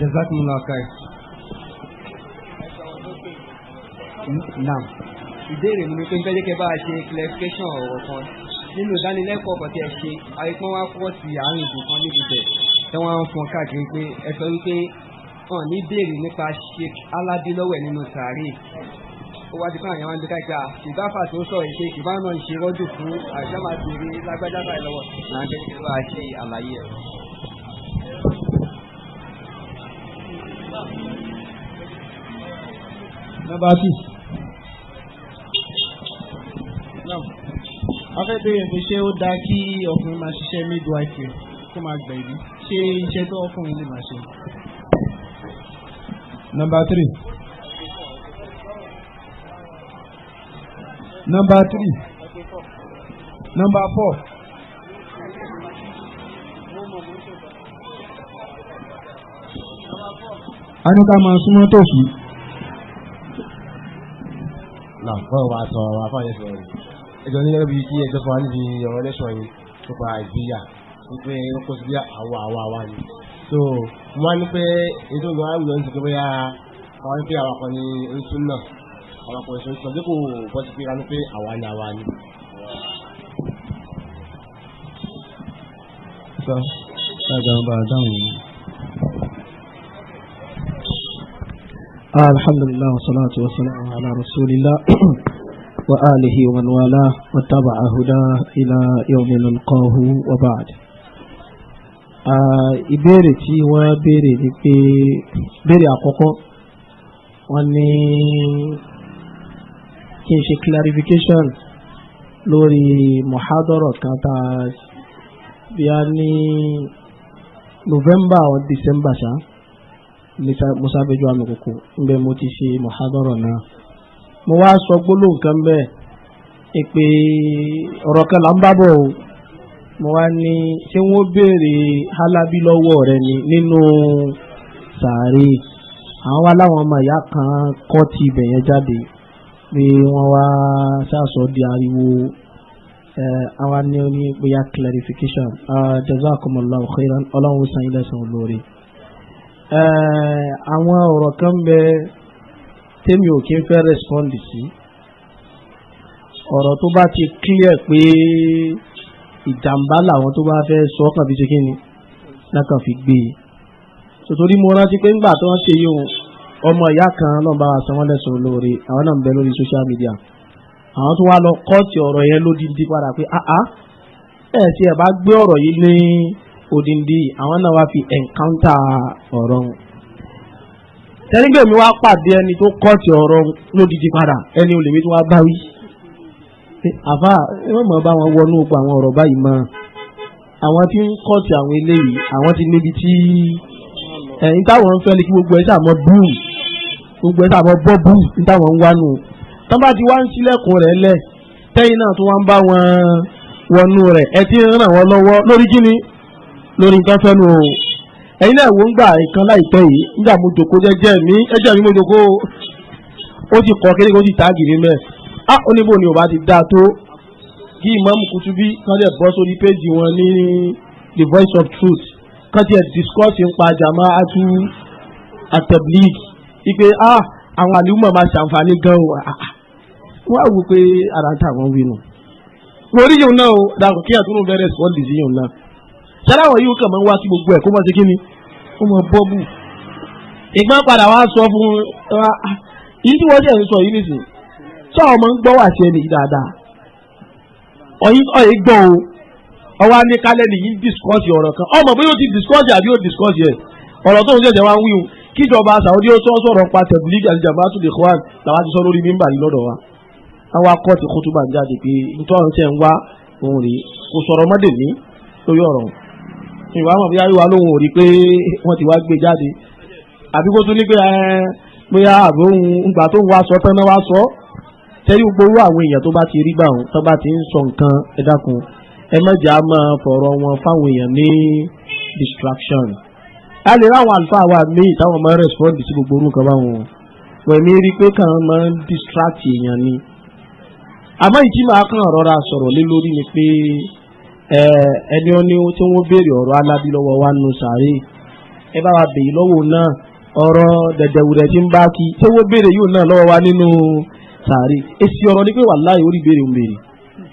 jazakumullah khair. naam ìbéèrè mi ni pé nítorí kẹ bá a ṣe clarification ọ̀rọ̀ kan nínú ìdánilẹ́kọ̀ọ́ kan tí ẹ ṣe àyíkọ́ wa kọ́ sí àárín ìbò kan níbi bẹ̀ tí wọ́n ń fọn káàkiri pé ẹ sọ wípé hàn ní béèrè nípa Sheikh Alabi lọ́wọ́ ẹ̀ nínú sàárè ó wá di ah, fún àyàwó àti káìka ìbáfà tó sọ̀rọ̀ ìṣe ìbáná ìṣe fún àṣà máa bèrè lágbájá báyìí lọ́wọ́ number two. afẹ́ bẹ̀rẹ̀ pé ṣé ó dáa kí ọkùnrin máa ṣiṣẹ́ midwifery kó máa gbẹ̀bí ṣé iṣẹ́ tó ọkùnrin lè máa ṣe. number three. number three. number four. a ní ká máa súnmọ́ tòsí náà wọ́n wá sọ àwọn afáàlẹ́ sọ̀rọ̀ ẹjọ́ ní ẹgbẹ́ kí ẹjọ́ fún wa níbi ọ̀rọ̀ lẹ́sọ̀ yìí tó pa ìgbéyà wípé ó kó sí bí àwa àwa àwa ni so mo wá ní pé ètò ìgbà wa wùdọ̀ ní sọ bóyá àwọn ní pé àwa kan ní orísun náà àwa kan orísun náà dípò bọ́ sí pé ránú pé àwa ni àwa ni. sọ ẹ gbàgbọ́ àdáhùn yìí. الحمد لله wasalaamu ala على رسول الله wa man wala wa taba'a إلى يوم yawmi nalqahu wa ba'd. Ah, ìbéèrè tí wọ́n béèrè ni pé béèrè àkọ́kọ́ wọ́n ní kí n ṣe clarification lórí muhadọ́rọ̀ kan tá a bí a ní November or December ṣáá musabejo amekoko nbẹ mo ti ṣe muhadara náà mo wá sọ gbólóhùn kan bẹ́ẹ̀ ìpè ọ̀rọ̀ kan là ń bá bọ̀ o mo wá ní ṣé wọ́n béèrè halabi lọ́wọ́ rẹ ni nínú sàárè àwọn wá láwọn ọmọ ìyá kan kọ́ ti ibẹ̀ yẹn jáde pé wọ́n wá ṣàṣọ di ariwo àwa ní oní bóyá clarification jazakumullahu khairan ọlọ́run sàn ilẹ̀ sàn olóore. Eh, àwọn ọ̀rọ̀ kan bẹ tèmi ò kí n fẹ́ respond sí ọ̀rọ̀ tó bá ti clear pé ìjàmbá làwọn tó bá fẹ́ sọ ọ́ kàn fi ṣe kí ni lákàn fi gbé e sòtòrí mo rántí pé ńgbà tó ń ṣe yìí ọmọ ìyá kan náà bá wa san wọ́n lẹ́sùn olóore àwọn náà ń bẹ lórí social media àwọn tó wá lọ kọ́ọ̀tì ọ̀rọ̀ yẹn lódìdí padà pé ah ah ẹ̀ tí ẹ̀ bá gbé ọ̀rọ̀ yìí ní odindi àwọn náà wá fi encounter ọ̀rọ̀ wọn. tẹ́lifíà mi wá pàdé ẹni tó kọ́ọ̀tì ọ̀rọ̀ lódìdí padà ẹni olèmí tó wá bá wí. àfa ẹ má mọ̀ bá wọn wọnú oko àwọn ọ̀rọ̀ báyìí mọ́ àwọn tí ń kọ́ọ̀tì àwọn eléyìí àwọn ti níbi tí ẹ̀yìn táwọn ń fẹ́ ni kí gbogbo ẹ̀ sàmọ́ búù gbogbo ẹ̀ sàmọ́ bọ́ búù ní táwọn ń wánu tán bá ti wá ń sílẹ̀kùn rẹ̀ lẹ̀ tẹ́yìn náà tó wá ń bá wọn wọnú rẹ̀ ẹ ti ń ràn wọ́n lọ́wọ́ lórí kíni lórí nǹkan fẹ́nu o ẹ̀yin náà wò ń gbà nǹkan láìpẹ́ yìí nígbà mo jòkó jẹ́jẹ́ mi ẹjẹ́ mi mo jòkó ó ti kọ́ kéde ó ti tààgì mi mẹ́ẹ̀ á ah, ó níbo ni ò bá ti dá a tó kí ìmáàmù Kutubi kan lè bọ́ sórí péjì wọn ní the voice of truth kan tiẹ̀ discuss nípa jama atu atablig ipe a ah, àwọn àlùmọ̀ máa ṣàǹfààní gan o ah, wọ́n á wò pé ara ń tà wọ́n wí nù. mo rí yòó náà o dàgbọ́ kí àtúnú bẹ̀rẹ̀ sọ́ọ́ dì sí yòó náà ṣáláwọ̀ yìí kàn máa ń wá sí gbogbo ẹ̀ kó mọ̀ sí kí ni ó mọ̀ bọ́ọ̀bù. ìgbọ́n padà wá sọ fún wa ah, yìí tí wọ́n ṣe ń sọ yìí nìsín sọ ọmọ ń gbọ́ wà sí ẹni dáadáa ọ̀yìn gbọ́ o ọwọ́ ní kálẹ̀ nìyí ń discuss ọ̀rọ̀ kan ọmọ bóyá ó ti discuss àbí ó discuss yẹ ọ̀rọ̀ tó ń ṣẹ̀ṣẹ̀ wá ń wí o kíjọba Saudi ó sọ sọ̀rọ̀ pa tẹ̀bílígì àti jàmbá tún lè kọ́ àn làwọn ti sọ lórí mímbà yìí lọ́dọ̀ wa àwọn akọ́ọ̀tì kótó ń jáde pé nítorí ọ̀rọ̀ tẹ̀ ń wá òun rèé kò sọ̀rọ̀ mọ́dè ní lórí ọ̀rọ̀ òun ìwà mọ̀ bóyá wíwá lóhùn ò rí pé wọ́n ti wá gbé jáde àbí kó tún ní pé bóyá àbóhùn ìgbà tó ń wá sọ tán náà wá sọ tẹ́lí gbogbo àwọn èèyàn tó bá ti rí gbà tó bá ti ń sọ nǹkan ẹ dákun ẹ mọ̀jà máa fọ̀rọ̀ wọn fáwọn èèyàn ní distraction a lè ráwọn àlùfáà wa míì táwọn máa ń respond sí gbogbo orúkọ báwọn pẹ̀lú rí pé kàn máa ń distract èèyàn ni àmọ́ ìjì máa rọra sọ̀rọ̀ lé lórí ni pé. ẹni ó tí wọ́n béèrè ọ̀rọ̀ alábí wa nù sàárè ẹ bá wa béèrè lọ́wọ́ náà ọ̀rọ̀ dẹ̀dẹ̀wùrẹ̀ tí ń bá kí tí béèrè náà wa nínú sàárè èsì ni pé wàláyé orí béèrè béèrè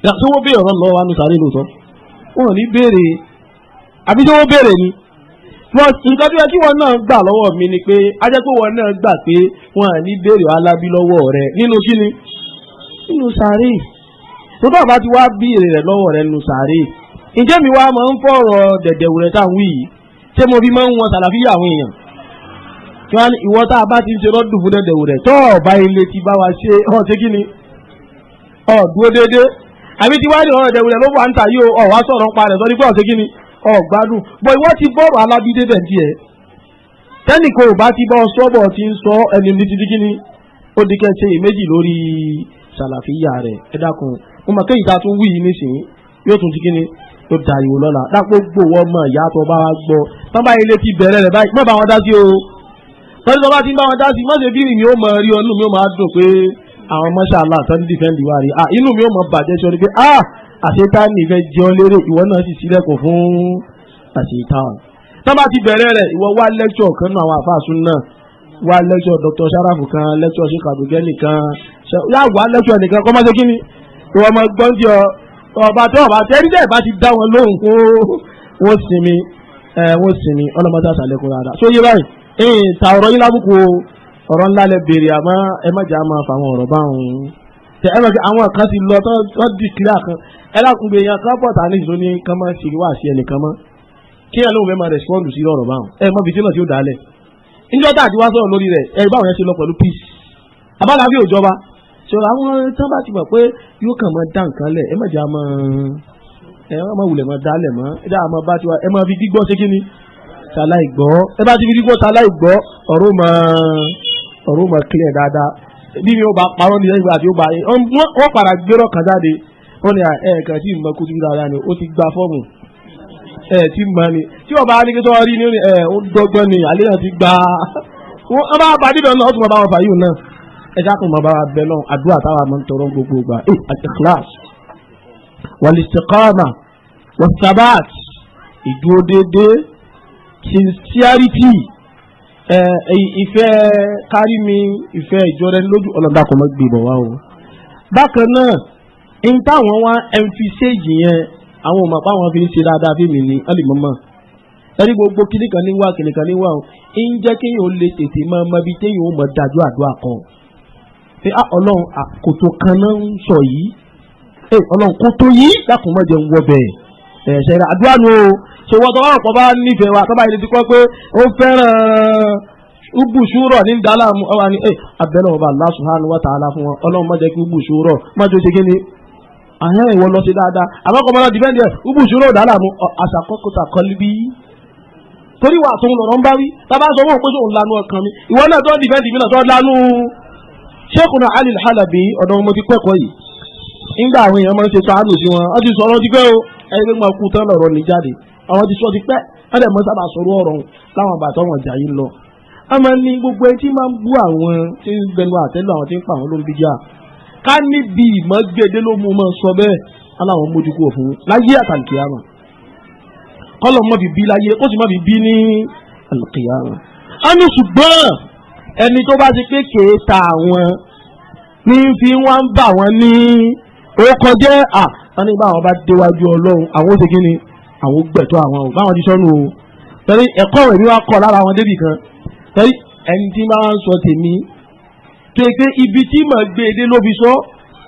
tí béèrè wa nù sàárè wọn ò ní béèrè àbí tí ni wọn nǹkan kí náà lọ́wọ́ mi ni pé pé wọn náà wọn à ní béèrè alábí rẹ nínú kíni nínú sàárè tó bá rẹ lọwọ rẹ nínú sàárè ǹjẹ́ mi wá máa ń fọ̀rọ̀ dẹ̀dẹ̀ wúrẹ́ tá à ń wí yìí ṣé mo fi máa ń wọn sàlàfíà àwọn èèyàn kí wọ́n ìwọ tá a bá ti ń ṣe rọ́dùn fún dẹ̀dẹ̀ wúrẹ́ tó ọ̀bá ilé ti bá wa ṣe ọ̀ ṣé kí ni ọ̀ dúró déédéé àbí ti wáyé ọ̀rọ̀ dẹ̀wúrẹ́ ló wà ń tà yìí ọ̀ wá sọ̀rọ̀ pa rẹ̀ sọ pé ọ̀ ṣé kí ni ọ̀ gbádùn bọ̀ ìwọ ti bọ̀rọ̀ alábídé bẹ̀ díẹ̀ tẹ́nìkan ò bá ti bọ́ sọ́bọ̀ ti ń sọ ẹni ní títí kíní ó di kẹ́ńtẹ́ èméjì lórí sàlàfíà rẹ̀ ẹ dákun mo mọ̀ yóò tún ti kíní tó da ìwò lọ́la dápò gbòwó ọmọ ìyá tó bá wa gbọ́ tán báyìí lé ti bẹ̀rẹ̀ rẹ̀ báyìí mọ̀ bá wọn dá sí o tọ́jú tó bá ti ń bá wọn dá sí mọ̀sẹ̀ bí mi ó mọ rí ọ inú mi ó máa dùn pé àwọn mọ́ṣáláà àtọ́ni dìfẹ́ǹdì wa rí ah, inú mi ó mọ bàjẹ́ sọ ni pé ah, àṣetáni fẹ́ jẹun lérè ìwọ náà sì sílẹ̀kùn fún àṣetáni tán bá ti bẹ̀rẹ̀ rẹ̀ ìwọ wá lẹ́kṣọ̀ kan náà àwọn àfáàsùn náà wá lẹ́kṣọ̀ Dr. Sharafu ọba tó ọba tẹ́rí tẹ́ ìbá ti dá wọn lóhùn kó wọ́n sinmi wọ́n sinmi ọlọ́mọdé àtàlẹ́kùn rárá So yé báyìí ẹ̀yìn ta ọ̀rọ̀ yín lábùkù ọ̀rọ̀ ńlá lẹ béèrè àmọ́ ẹ má jẹ́ àmọ́ àfàwọn ọ̀rọ̀ báwọn tẹ ẹ má jẹ́ àwọn kan ti lọ tó tó di kílà kan ẹ lákùngbé yẹn kan pọ̀ tà ní ìṣó ní kan máa ṣe wá sí ẹnìkan mọ́ kí ẹ lóun fẹ́ máa rẹ̀spọ́ndù sí ọ̀rọ̀ báwọn ẹ mọ̀ fìtí náà tí ó dálẹ̀ peace àbálàbí òjọba sọ̀rọ̀ àwọn tán bá ti mọ̀ pé yóò kàn máa dá nǹkan lẹ̀ ẹ má jẹ́ àmọ́ ẹ má wulẹ̀ máa dálẹ̀ mọ́ ẹ dáa máa bá tiwa ẹ máa fi gbígbọ́ ṣé kí ni ti fi gbígbọ́ gbọ́ ọ̀rọ̀ ọ̀rọ̀ clear dáadáa bí mi ò bá parọ́ ní ẹgbẹ́ àti ó bá yẹ wọ́n padà kan jáde wọ́n ní ẹ̀ẹ̀kan tí mo kú ni ó ti gba fọ́ọ̀mù ẹ̀ tí ẹ dákun bàbá wa bẹ lọ́n àdúrà táwa máa ń tọrọ gbogbo gbà ẹ eh, al-ikhlas wal-istiqama sincerity ẹ ìfẹ́ kárí mi ìfẹ́ ìjọra lójú ọlọ́dà kò má gbé bọ̀ wá o. bákan náà n táwọn wá ẹnfíṣẹ́jì yẹn àwọn ọmọ àpá wọn fi ń ṣe dáadáa fíìmù ní alimọ́mọ́ ẹni gbogbo kìnìkan ní wá kìnìkan ní wá o ń jẹ́ kéèyàn lè tètè máa mọ ibi téèyàn ó mọ dájú àdúrà kan pé á ah, ọlọ́run àkótó ah, kan náà ń sọ yìí ẹ eh, ọlọ́run kótó yìí dákun má jẹ́ ń wọ bẹ́ẹ̀ ẹ̀ eh, ṣẹ̀rẹ̀ àdúrà nù o ṣe wọ́n tọ́ báwọn pọ̀ bá nífẹ̀ẹ́ wa tọ́ba ìrètí kọ́ pé ó fẹ́ràn ubùsùrọ̀ ní dàlámù ọ̀wà ni ẹ eh, abẹ́rẹ́ ọba Allah subhanahu wa ta'ala fún wọn ọlọ́run má jẹ́ kí ubùsùrọ̀ má jẹ́ ṣe kíni àhẹ́ ìwọ lọ sí dáadáa torí wà tó ń lọ̀rọ̀ ń bá wí tábà sọ wọn pé sóun lanu ọkàn mi ìwọ náà tó dìbẹ́ndì mi náà tó lanu Sheikhuna Ali halabi ọ̀dọ̀ wọn mo ti kẹ́kọ̀ọ́ yìí nígbà àwọn èèyàn máa ń ṣe sáánù sí wọn wọ́n ti sọ ọ̀rọ̀ ti pẹ́ o ẹni pé máa kú tán lọ̀rọ̀ ní jáde àwọn ti sọ ti pẹ́ wọ́n dẹ̀ mọ́ sábà sọ̀rọ̀ ọ̀rọ̀ láwọn àbàtọ́ wọn jà yìí lọ. a máa ní gbogbo ẹni tí máa ń bú àwọn tí ń gbẹnu àtẹ́lù àwọn tí ń pa àwọn lórí bíjà ká níbi ìmọ̀gbẹ́dẹ́ ló mú máa sọ bẹ́ẹ̀ aláwọn mójú ẹni tó bá ti pé kèé ta àwọn ní fi wá ń bà ní ó kọjá à wọ́n ní báwọn bá déwájú ọlọ́run àwọn ó ṣe ni àwọn ó gbẹ̀tọ́ àwọn ò báwọn ti sọ́nu o torí ẹ̀kọ́ rẹ̀ ni wọ́n kọ́ lára wọn débì kan torí ẹni tí máa ń sọ tèmi tó yẹ pé ibi tí màá gbé e dé ló fi sọ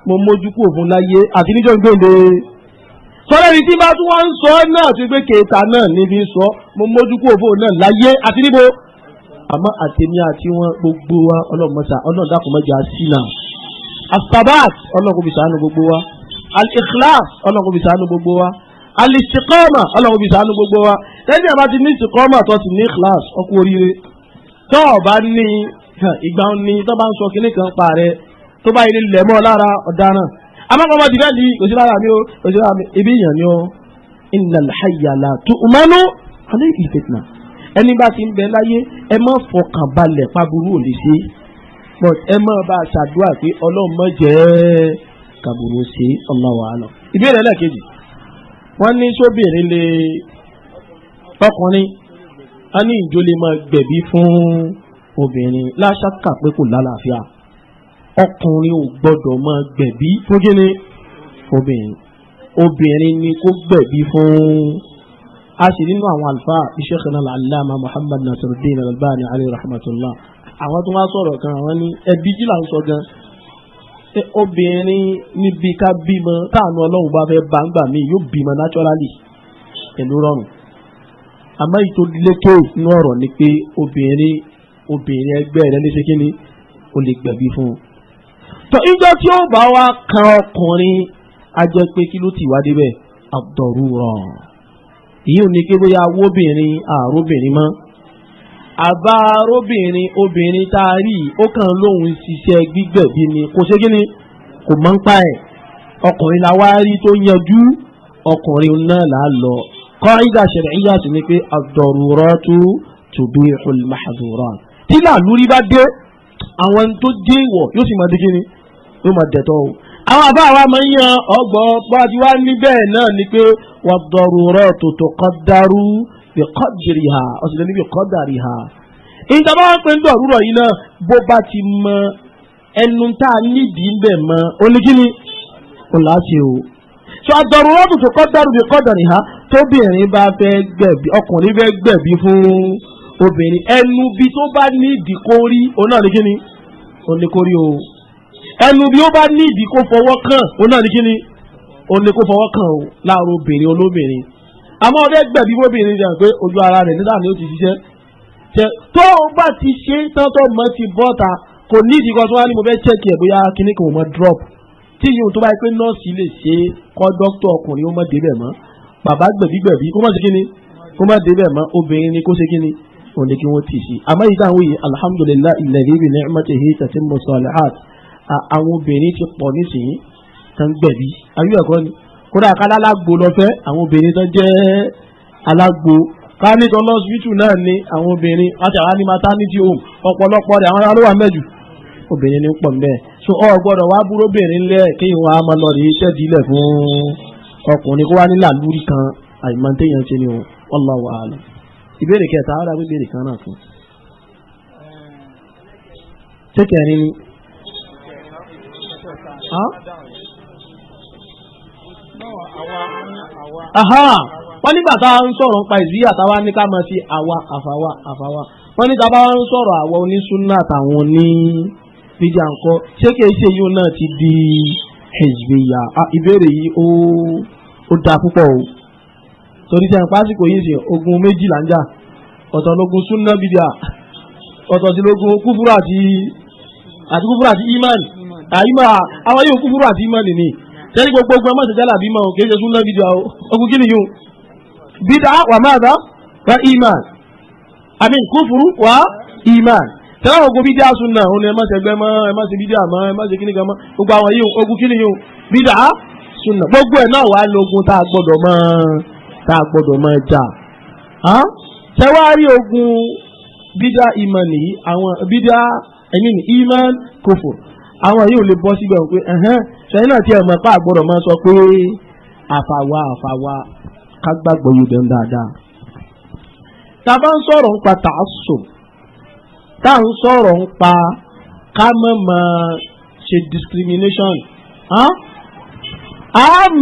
mo mójú kúrò fún láyé àti níjọ́ gbòǹde sọ́dọ̀ ni tí bá tún wá ń sọ náà tó yẹ pé kèéta náà ní fi sọ mo mójú kúrò fún náà láyé àti níbo àmọ́ àtẹ̀mí àti wọn gbogbo wa ọlọ́mọta ọlọ́dàkùnmọ́jà sínà asabat ọlọ́kùnbìsánú gbogbo wa alikilas ọlọ́kùnbìsánú gbogbo wa alistikọ́mà ọlọ́kùnbìsánú gbogbo wa lẹ́yìn àbá ti ní istikọ́mà tó ti ní ikilas ọkú oríire tó o bá ní ìgbà ní tó bá ń sọ kíní kan pa rẹ tó bá yẹ lẹ̀ mọ́ lára ọ̀daràn amákan ọmọ tìfẹ́ di kò mi o kò mi ibi ìyàn ni o innal ẹni bá ti ń bẹ láyé ẹ má fọkàn balẹ̀ paburú ò lè ṣe but ẹ má bá a ṣàdúrà pé ọlọ́run má jẹ́ kàbùrù ṣe ọlọ́wà lọ. ìbéèrè ẹlẹ́kejì wọ́n ní sóbìnrin lè tọkùnrin a ní ìjó lè máa gbẹ̀bí fún obìnrin láṣákà pé kò lálàáfíà ọkùnrin ò gbọ́dọ̀ máa gbẹ̀bí fún kíni obìnrin obìnrin ni kó gbẹ̀bí fún obìnrin a sì nínú àwọn alfa Sheikhna al-Allama Muhammad Nasiruddin Al-Albani alayhi rahmatullah àwọn tó wá sọ̀rọ̀ kan àwọn ní ẹbí jí là ń sọ gan obìnrin níbi ká bímọ táànù ọlọ́run bá fẹ́ bá ń gbà mí yóò bímọ naturally pẹ̀lú rọrùn àmọ́ ètò lékè inú ọ̀rọ̀ ni pé obìnrin obìnrin ẹgbẹ́ rẹ léṣe kí o lè gbẹ̀bí fún un. ìjọ tí ó bá wá kan ọkùnrin a jẹ́ pé kí ló ti wá débẹ̀ àdọ̀rú rọrùn yíò ní pé bóyá wóbìnrin àróbìnrin mọ́ àbá obìnrin tá a rí ó kàn lóun ṣiṣẹ́ gbígbẹ̀bí ni kò ṣe kíni kò mọ́ ń pa ẹ̀ ọkùnrin la wá rí tó yanjú ọkùnrin náà là á lọ kọ́ńdà ṣẹ̀ríyà sì ni pé ad-daruratu tubihul mahdurat tí làlúrí bá dé àwọn tó dé ìwọ̀ yóò sì máa dé kíni yóò máa dẹ̀tọ́ o àwọn àbá àwa máa ń yan ọgbọ́n bá ti wá ní bẹ́ẹ̀ náà ni pé wọ́n dọ̀rù rọ̀ tòótọ́ kọ́ darú bí kọ́ dìrì hà ọ̀sìn lẹ́ni bí dàrí hà. ìta wọn pe ń dọ̀rù rọ̀ yìí náà bó bá ti mọ ẹnu tá a nídìí bẹ̀ mọ́ oníkíní kò láti o. sọ àdọ̀rù rọ̀ tòótọ́ kọ́ darú bí dàrí hà tóbìnrin bá fẹ́ gbẹ̀bí ọkùnrin fẹ́ gbẹ̀bí fún obìnrin ẹnu bí tó bá nídìí kórí onáà oníkíní oníkórí o ẹnu bí ó bá nídìí kó fọwọ́ kàn ó náà ní kí ni ó ní kó fọwọ́ kàn ó láàárọ̀ obìnrin olóbìnrin àmọ́ ọdẹ gbẹ̀bí bóbìnrin rẹ̀ pé ojú ara rẹ̀ nígbà ni ó ti ṣiṣẹ́ tẹ tó o bá ti ṣe tán tó mọ ti bọ́ta kò nídìí kan tó wá ní mo fẹ́ ṣẹ́kì ẹ̀ bóyá kíní kan mọ drop tí yìí tó bá yẹ pé nọ́ọ̀sì lè ṣe kọ́ dókítà ọkùnrin ó mọ̀ débẹ̀ mọ́ bàbá gbẹ̀bí gbẹ̀bí kó mọ̀ sí kíni kó mọ̀ débẹ̀ mọ́ obìnrin ni kó ṣe kíni òun ni kí wọ́n ti ṣe àmọ́ yìí táwọn yìí alhamdulillahi alladhi bi ni'matihi tatimmu salihat àwọn obìnrin ti pọ̀ nísìnyí tó ń gbẹ̀bí ayé ẹ̀kọ́ ni kódà kálá alágbo lọ́fẹ́ àwọn obìnrin tó jẹ́ alágbo káníkọ lọ́sibítù náà ni àwọn obìnrin àti àwọn ní maternity home ọ̀pọ̀lọpọ̀ rẹ̀ àwọn aráàlú wà mẹ́jù obìnrin ní pọ̀ mbẹ́ so ọ gbọ́dọ̀ wá búrò obìnrin lẹ̀ kéèyàn wá máa lọ rí iṣẹ́ dílẹ̀ fún ọkùnrin kó wá ní làlúrí kan àìmọ̀tẹ́yàn ṣe ni o wallahu a'lam ìbéèrè kẹta ara gbé ìbéèrè kan náà fún. tẹ́kẹ̀rin ni wọ́n nígbà tá a ń sọ̀rọ̀ nípa ìzí àtàwa ní ká máa ṣe àwa àfàwa àfàwa wọ́n ní tábà ń sọ̀rọ̀ àwa onísúnà àtàwọn ní bíjà ńkọ́ ṣé kìí ṣe yóò náà ti di hezbiya ah, ìbéèrè yìí ó da púpọ̀ o torí sẹ́yìn pásíkò yìí ṣe ogun méjìlá ń jà ọ̀tọ̀ lógun súnà bíjà ọ̀tọ̀ sí lógun kúfúrà àti kúfúrà àti imán àyímọ̀ àwọn yóò kúfúrú àti ìmọ̀ nìní sẹ́ni gbogbo ogun ọmọ ìṣẹ̀jálà bí mọ̀ kì í ṣe súnná fídíò àwọn ogun kí nìyún bídà wà máa dá wà ìmọ̀ àmì kúfúrú wà ìmọ̀ tẹ́lá ogun bídà súnná òun ẹ̀ má ṣe gbẹ́ mọ́ ẹ̀ má ṣe bídà mọ́ ẹ̀ má ṣe kíní gan mọ́ gbogbo àwọn yìí ogun kí nìyún bídà súnná gbogbo ẹ̀ náà wà lógun tá a gbọ́dọ̀ mọ́ tá a gbọ́dọ̀ mọ́ jà tẹ́wárí ogun bídà ìmọ̀ ẹ̀mí ni ìmọ̀ kúfúrú àwọn yìí ò lè bọ́ síbẹ̀ pé ṣẹ́yìn náà tí ẹ̀ mọ̀ pa àgbọ̀dọ̀ máa sọ pé àfàwà àfàwà ká gbàgbọ́ yóò dẹ̀ ń dáadáa. tá a bá ń sọ̀rọ̀ nípa tààsùn tá a ń sọ̀rọ̀ nípa ká mọ̀ mọ̀ ṣe discrimination a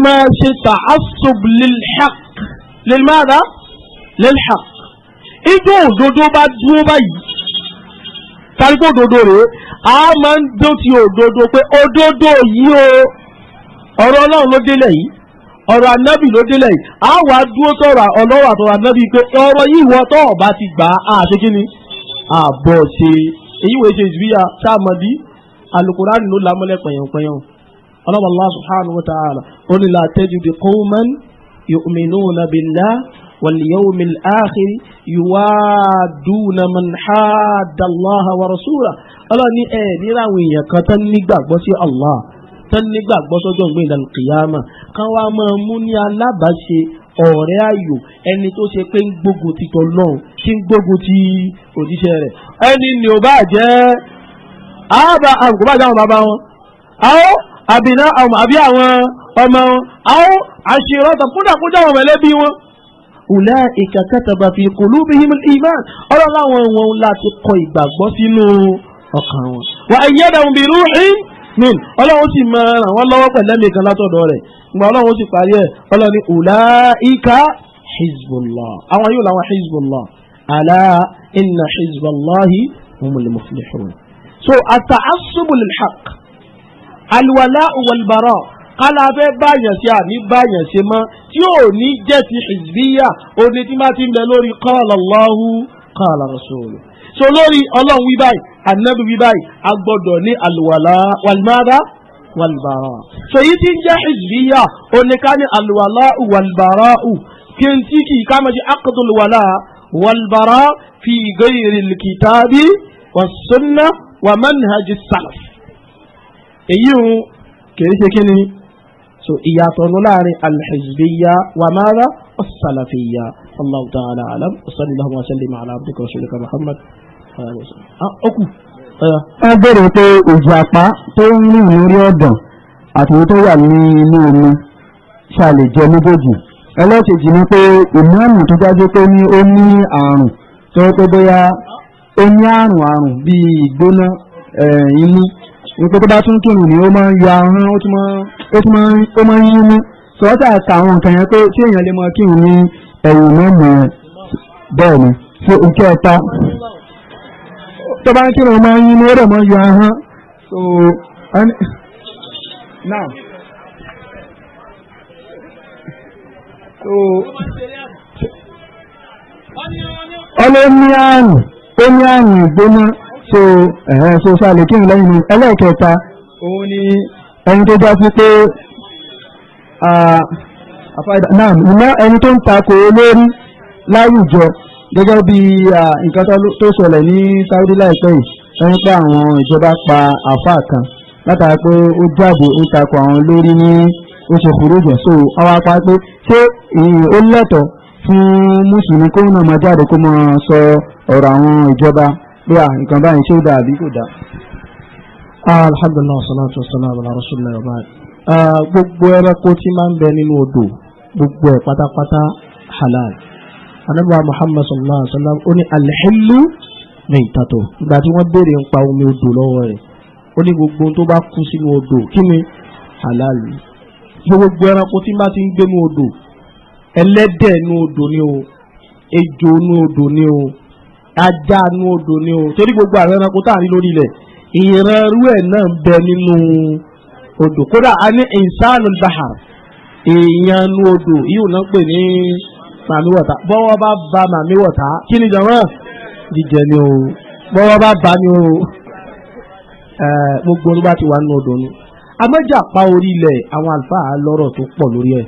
mọ̀ ṣe tààsùn lilhaq lilmada lilhaq ijó òdodo bá dúró báyìí tàbí òdodo rèé a máa ń dó ti òdodo pé òdodo yìí o ọ̀rọ̀ ọlọ́run ló délẹ̀ yìí ọ̀rọ̀ anábì ló délẹ̀ yìí a wà á dúró sọ̀rọ̀ ọlọ́run àtọ̀rọ̀ anábì pé ọ̀rọ̀ yìí wọ́n tọ́ ọ̀bá ti gbà á ṣe kí ni àbọ̀ ṣe èyí wòye ṣe ìsúbíyà sáàmọ́dí alukurani ló lamọ́lẹ̀ pẹ̀yànpẹ̀yàn ọlọ́run Allah subhanahu wa ta'ala ó ní la tajidu qawman yu'minuna billah واليوم الآخر يوادون من حاد الله ورسوله ألا ني إيه نيرا وين يكتن نيبا بسي الله tán nígbàgbọ́ sọ́jọ́ ìgbé ìdàlù kìyàmà kan wá máa mú ní alábàáṣe ọ̀rẹ́ ayò ẹni tó ṣe pé ń gbógun ti tọ́lọ́run tí ń gbógun ti òjíṣẹ́ rẹ̀ ẹni ni ò bá jẹ́ àbá àgùkù bá jẹ́ àwọn bàbá wọn àwọn àbí àwọn ọmọ wọn àwọn àṣírọ́tọ̀ kódà kódà àwọn mẹ̀lẹ́bí wọn ulaika kataba fi qulubihim al-iman ọlọ́lá wọn wọn láti kọ ìgbàgbọ́ sínú ọkàn wọn. wa ayyadahum bi ruhin min ọlọ́run sì máa ràn wọ́n lọ́wọ́ pẹ̀lú ẹ̀mí kan látọ̀dọ̀ rẹ̀ ìgbà ọlọ́run sì parí ẹ̀ ọlọ́run ní ulaika hizbullah àwọn yóò làwọn hizbullah ala inna hizballahi humul muflihun. so at kálá fẹ́ báyàn ṣe àní báyàn ṣe mọ́ tí ò ní jẹ́ ti hizbiya òní tí máa ti ń bẹ lórí qala Allahu qala Rasul. so lórí ọlọ́run wí báyìí ànábì wí báyìí a gbọ́dọ̀ ní àlùwàlá wàlùmáàdá wàlùbàrà. so yìí ti ń jẹ́ hizbiya òní ká ní àlùwàlá wàlùbàrà kí n tí kì wàlùbàrà fi ghayril èyí ń kèrè kí ni so ìyàtọ̀ nù láàrin alḥizbiya wa mara ọ̀sálàfíya allah ta'ala alam ọ̀sán ilé ọmọ sẹ́lẹ̀ màálà abdulkar ṣẹlẹ̀kà muhammad ọkù. wọ́n bèrè pé òjò àpá tó ń rìn lórí ọ̀dàn àti tó wà ní inú omi ṣàlè jẹ méjèèjì ẹlẹ́ẹ̀kejì ni pé ìmáàmù tó dájú pé ní ó ní àrùn tó pé bóyá ó ní àrùn àrùn bíi ìgbóná eh, inú nípa tó bá tún kírun ni ó máa ń yọ ahọ́n ó máa ń yín mú sọ́ọ́tà àtàwọn nǹkan yẹn pé tí èèyàn lè máa kírun ní ẹ̀wù mọ́mọ́ ẹ̀ bẹ́ẹ̀ ni ṣé òkè ẹ̀ta tó bá ń kírun máa ń yín mú ó dẹ̀ máa ń yọ ahọ́n so now so àrùn ó àrùn ìgbóná so ẹ̀hẹ́ eh, so sálẹ̀ kí n lẹ́yìn ní ẹlẹ́ẹ̀kẹta òun ni ẹni tó já sí pé náà ìmọ̀ ẹni tó ń takò olórí láwùjọ gẹ́gẹ́ bí nǹkan tó ṣẹlẹ̀ ní Saudi láìpẹ́ yìí ẹni pé àwọn ìjọba pa àfáà kan látara pé ó jáde ó takò àwọn olórí ní oṣù kúròjọ so àwọn apá pé ṣé ó lẹ́tọ̀ọ́ fún mùsùlùmí kó náà máa jáde kó máa sọ ọ̀rọ̀ àwọn ìjọba pé à nǹkan báyìí ṣé ó dáa àbí kò dáa. Ah, alhamdulilayi salatu wa salam ala rasulillah wa baad. Ah, gbogbo ẹranko tí máa ń bẹ nínú odò gbogbo ẹ̀ pátápátá halal. anabi wa muhammad sallallahu alaihi wa sallam ó ní alḥillu ní ìtàtọ̀ ìgbà tí wọ́n béèrè ń pa omi odò lọ́wọ́ rẹ̀ ó ní gbogbo tó bá kú sínú odò kí ni halal gbogbo ẹranko tí máa ti ń gbé nu odò ẹlẹ́dẹ̀ nu odò ni o ejò nu odò ni o ajá nu odò ni o torí gbogbo àwọn ẹranko tá à ń rí lórí ilẹ̀ ìran irú ẹ̀ náà ń bẹ nínú odò kódà a ní ìsánù bahar èèyàn nu odò yìí ò náà pè ní màmí wọ̀tá bọ́wọ́ bá ba màmí wọ̀tá kí ni jọ̀wọ́ jíjẹ ni o bọ́wọ́ bá ba ni o gbogbo olúwa ti wà nínú odò ni amẹ́jàpá orí ilẹ̀ àwọn àlùfáà lọ́rọ̀ tó pọ̀ lórí ẹ̀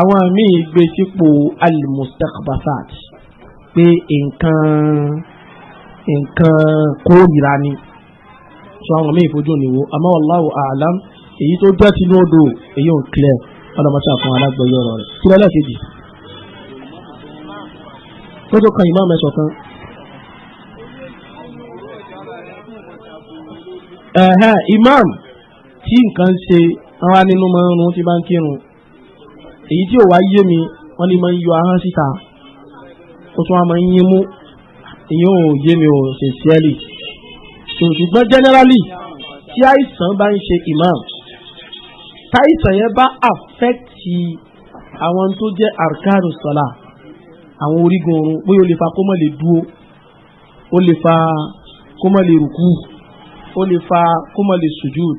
àwọn míì gbé sípò alimustakbasat pé nǹkan nǹkan kórìíra ni sọ àwọn míì fojú òní wo àmọ́ wallahu a'lam èyí tó jẹ́ tinú odò èyí ò ń clear ọlọ́mọṣẹ́ àfọ̀n alágbèyẹ ọ̀rọ̀ rẹ̀ kí lọ́lọ́ kejì tó kan ìmáàmù ẹ̀sọ̀ kan. imam tí nǹkan ṣe àwa nínú márùn-ún tí bá ń kírun èyí tí ò wá yé mi wọ́n ní máa ń yọ ahọ́n síta ó tún wá máa ń yín mú ìyẹn ò yé mi ò sincerely ṣùgbọ́n generally tí àìsàn bá ń ṣe imam táìsàn yẹn bá affect àwọn tó jẹ́ arkanu sọlá àwọn orígun oorun bóyá ó lè fa kó má lè dúró ó lè fa kó lè rùkú ó lè fa kó lè sùjúd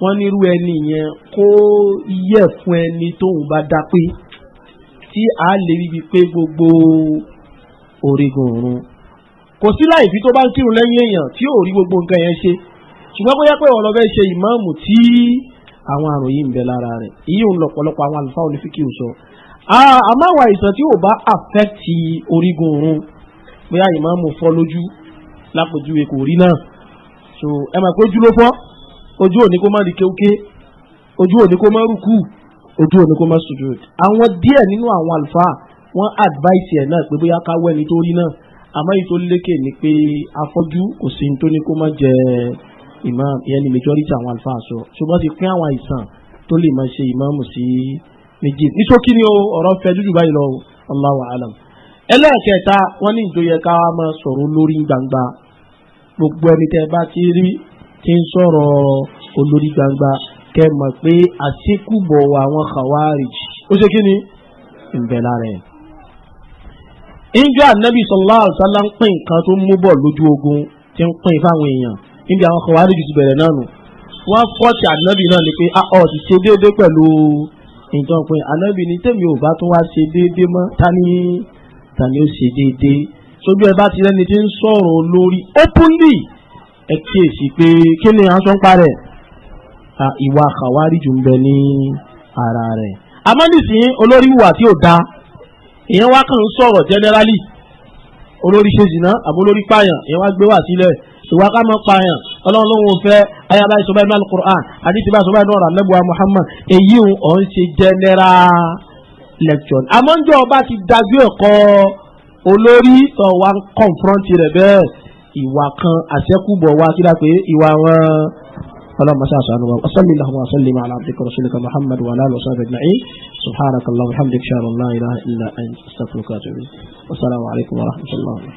wọ́n nírú ẹni yẹn kó yẹ fún ẹni tóun bá dá pé tí a lè rí bíi pé gbogbo orígun òrun kò sí láì fi tó bá ń kírun lẹ́yìn èèyàn tí ò rí gbogbo nǹkan yẹn ṣe ṣùgbọ́n bóyá pé ọ̀rọ̀ fẹ́ ṣe ìmáàmù tí àwọn àrùn yìí ń bẹ lára rẹ̀ ìyóò ń lọ̀pọ̀lọpọ̀ àwọn àlùfáà olùfíkì ò sọ àmọ́ àwọn àìsàn tí ò bá àfẹ́tì orígun òrun bóyá ìmáàmù fọ́ lójú lápòjúwe kò rí náà so ẹ máa pójú ló fọ́ ojú òní kó má rí kéwké ojú òní kó má rúkú ojú òní kó má sùjúd àwọn díẹ̀ nínú àwọn àlùfáà wọ́n advice ẹ̀ náà pé bóyá ká wẹ́ni tó rí náà àmọ́ èyí tó lékè ni pé afọ́jú kò sí tó ní kó má jẹ imam ìyẹn ni majority àwọn àlùfáà sọ ṣùgbọ́n ti pín àwọn àìsàn tó lè máa ṣe imam sí méjì ní ṣókí ni ọ̀rọ̀ fẹ́ jújù báyìí lọ Allahu alam ẹlẹ́ẹ̀kẹta wọ́n ní ìjòyè ká máa sọ̀rọ̀ lórí gbangba gbogbo ẹni tẹ́ bá ti rí ti ń sọ̀rọ̀ olórí gbangba kẹ́ mọ̀ pé àṣekúbọ̀ àwọn khawarij ó ṣe kí ni ìbẹ̀lára ẹ̀ ìjọ ànábì sallallahu alaihi wasallam ń pín nǹkan tó mú bọ̀ lójú ogun ti ń pín fáwọn èèyàn níbi àwọn kan wàá rí jùsù bẹ̀rẹ̀ náà nù wọ́n fọ́ọ̀tì ànábì náà ni pé ọ̀ ti ṣe déédéé pẹ̀lú nǹkan pín ànábì ni tèmi ò bá tún wá ṣe déédéé mọ́ tani tani ó ṣe déédéé sójú ẹ bá ti rẹ́ni tí ń sọ̀rọ̀ olórí openly ẹ kíyèsí pé kí ni à ń sọ ń parẹ́ ìwà àkàwárí jù ń bẹ ní ara rẹ̀ àmọ́ olórí wà tí ò dáa ìyẹn wá kàn ń sọ̀rọ̀ generally olórí ṣe zìnà àbó olórí pààyàn ìyẹn wá gbé wá sílẹ̀ ṣùgbọ́n ká mọ̀ pààyàn ọlọ́run ló ń fẹ́ ayaba ìṣọba inú alukur'an àdìsí bá ìṣọba inú ọ̀rọ̀ alẹ́bùwà muhammad èyí ò ń ṣe general lecture àmọ́ ń jọ ọba ti dájú ẹ̀kọ́ olórí tó wá ń confront rẹ̀ bẹ́ẹ̀ ìwà kan àṣẹ́kùbọ̀ wá kí اللهم صل على محمد وصلي اللهم وسلم على عبدك ورسولك محمد وعلى اله وصحبه اجمعين سبحانك اللهم وبحمدك اشهد ان لا اله الا انت استغفرك واتوب اليك والسلام عليكم ورحمه الله